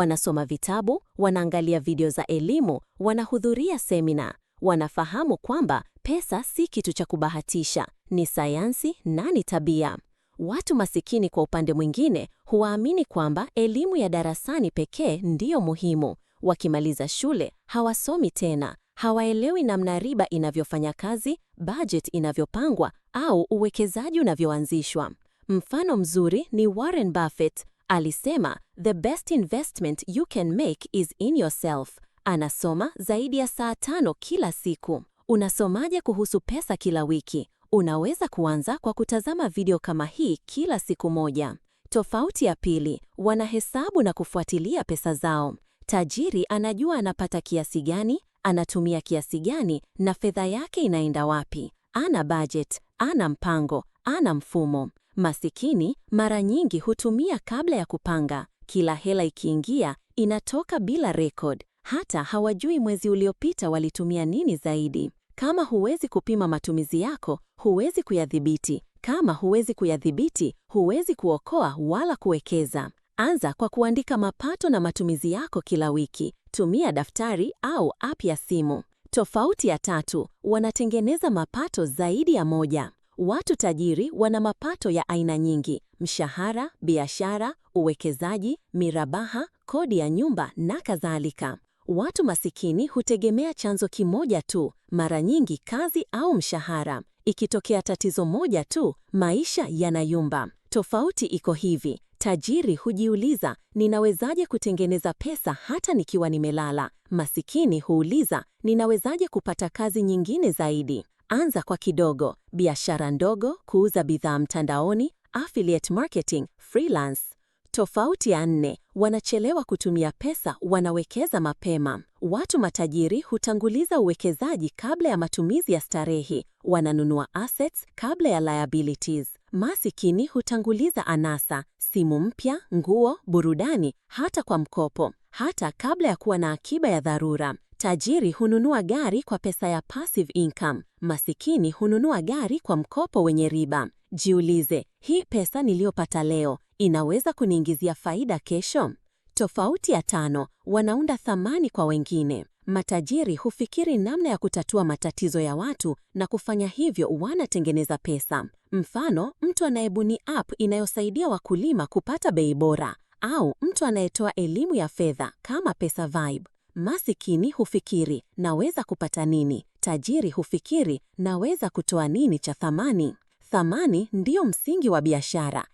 Wanasoma vitabu, wanaangalia video za elimu, wanahudhuria semina. Wanafahamu kwamba pesa si kitu cha kubahatisha, ni sayansi na ni tabia. Watu masikini, kwa upande mwingine, huwaamini kwamba elimu ya darasani pekee ndiyo muhimu. Wakimaliza shule hawasomi tena, hawaelewi namna riba inavyofanya kazi, budget inavyopangwa au uwekezaji unavyoanzishwa. Mfano mzuri ni Warren Buffett Alisema the best investment you can make is in yourself. Anasoma zaidi ya saa tano kila siku. Unasomaje kuhusu pesa kila wiki? Unaweza kuanza kwa kutazama video kama hii kila siku moja. Tofauti ya pili, wanahesabu na kufuatilia pesa zao. Tajiri anajua anapata kiasi gani, anatumia kiasi gani na fedha yake inaenda wapi. Ana budget, ana mpango, ana mfumo. Masikini mara nyingi hutumia kabla ya kupanga, kila hela ikiingia inatoka bila record, hata hawajui mwezi uliopita walitumia nini zaidi. Kama huwezi kupima matumizi yako, huwezi kuyadhibiti. Kama huwezi kuyadhibiti, huwezi kuokoa wala kuwekeza. Anza kwa kuandika mapato na matumizi yako kila wiki. Tumia daftari au app ya simu. Tofauti ya tatu, wanatengeneza mapato zaidi ya moja. Watu tajiri wana mapato ya aina nyingi: mshahara, biashara, uwekezaji, mirabaha, kodi ya nyumba na kadhalika. Watu masikini hutegemea chanzo kimoja tu, mara nyingi kazi au mshahara. Ikitokea tatizo moja tu, maisha yanayumba. Tofauti iko hivi: tajiri hujiuliza, ninawezaje kutengeneza pesa hata nikiwa nimelala? Masikini huuliza, ninawezaje kupata kazi nyingine zaidi? Anza kwa kidogo: biashara ndogo, kuuza bidhaa mtandaoni, affiliate marketing, freelance. Tofauti ya nne: wanachelewa kutumia pesa, wanawekeza mapema. Watu matajiri hutanguliza uwekezaji kabla ya matumizi ya starehi wananunua assets kabla ya liabilities. Masikini hutanguliza anasa, simu mpya, nguo, burudani, hata kwa mkopo, hata kabla ya kuwa na akiba ya dharura. Tajiri hununua gari kwa pesa ya passive income, masikini hununua gari kwa mkopo wenye riba. Jiulize, hii pesa niliyopata leo inaweza kuniingizia faida kesho? Tofauti ya tano, wanaunda thamani kwa wengine. Matajiri hufikiri namna ya kutatua matatizo ya watu na kufanya hivyo wanatengeneza pesa. Mfano, mtu anayebuni app inayosaidia wakulima kupata bei bora au mtu anayetoa elimu ya fedha kama Pesa Vibe. Masikini hufikiri naweza kupata nini, tajiri hufikiri naweza kutoa nini cha thamani. Thamani ndiyo msingi wa biashara,